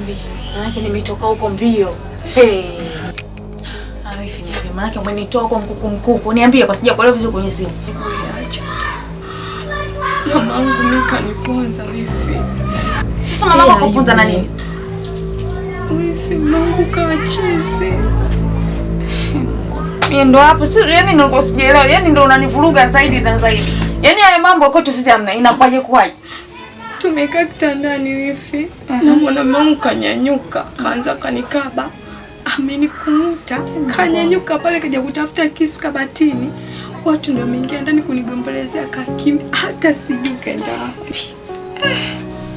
niambie, maanake nimetoka huko mbio. Hey. Arifu ah, niambie, maanake umenitoa huko mkuku mkuku. Niambie kwa sija kuelewa vizuri kwenye simu. Nikuacha tu. Mamangu mimi kaniponza wifi. Sasa mama wako akuponza na nini? Wifi Mungu kawa chizi. Mimi ndo hapo siri, yani nilikuwa sijaelewa. Yani ndo unanivuruga zaidi na zaidi. Yaani yale mambo kwetu sisi hamna. Inakwaje kwaje? tumekaa kitandani wifi uh na mwanaume kanyanyuka kaanza kanikaba amenikumuta kanyanyuka pale kaja kutafuta kisu kabatini, watu ndio wameingia ndani kunigombelezea, kakimi hata sijui kaenda wapi.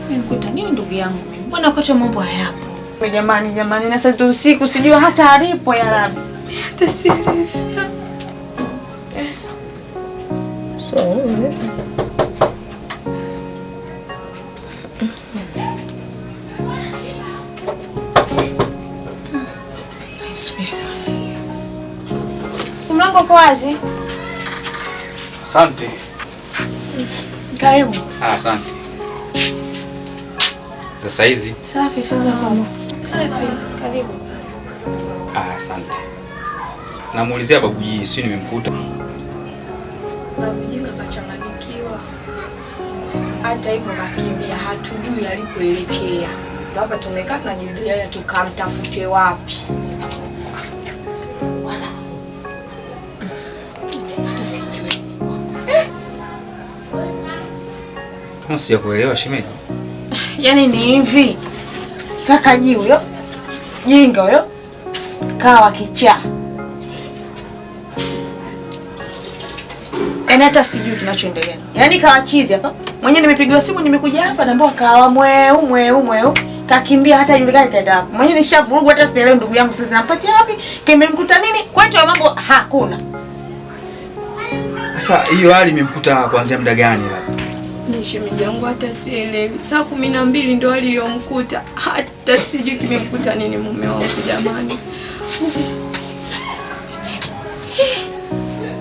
Nikuta nini ndugu yangu mimi, mbona kocha mambo hayapo jamani, jamani, na sasa usiku sijui hata alipo ya rabi hata sirifia eh. so Mlango uko wazi. Asante. Karibu. Ah, asante. Sasa hizi. Safi sasa kama. Safi, karibu. Ah, asante. Namuulizia babu babuji, si nimemkuta. Babu kafanya mafikiwa hata hivyo kakimbia, hatujui alipoelekea. Hapa tumekaa tunajirudia, tukamtafute wapi? Kama sijakuelewa shemeji, yaani ni hivi kaka ji huyo jinga huyo kawa kichaa, yaani hata sijui kinachoendelea, yaani kawachizi hapa Mwenye nimepigiwa simu nimekuja hapa naambiwa kawa mweu mweu mweu kakimbia hata yule julikani kaenda hapo. Mwenye nishavurugu hata sielewi ndugu yangu sasa nampatia wapi? Kimemkuta nini? Kwetu ya mambo hakuna. Sasa hiyo hali imemkuta kuanzia muda gani labda? Ni shemeji yangu hata sielewi. Saa kumi na mbili ndio aliyomkuta. Hata sijui kimemkuta nini mume wangu jamani.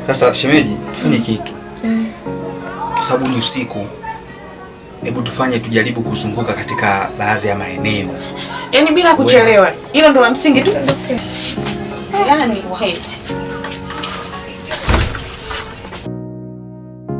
Sasa shemeji, tufanye kitu. Eh. Kwa sababu ni usiku hebu tufanye tujaribu kuzunguka katika baadhi ya maeneo, yaani bila kuchelewa. Hilo ndo la msingi tu. Yaani,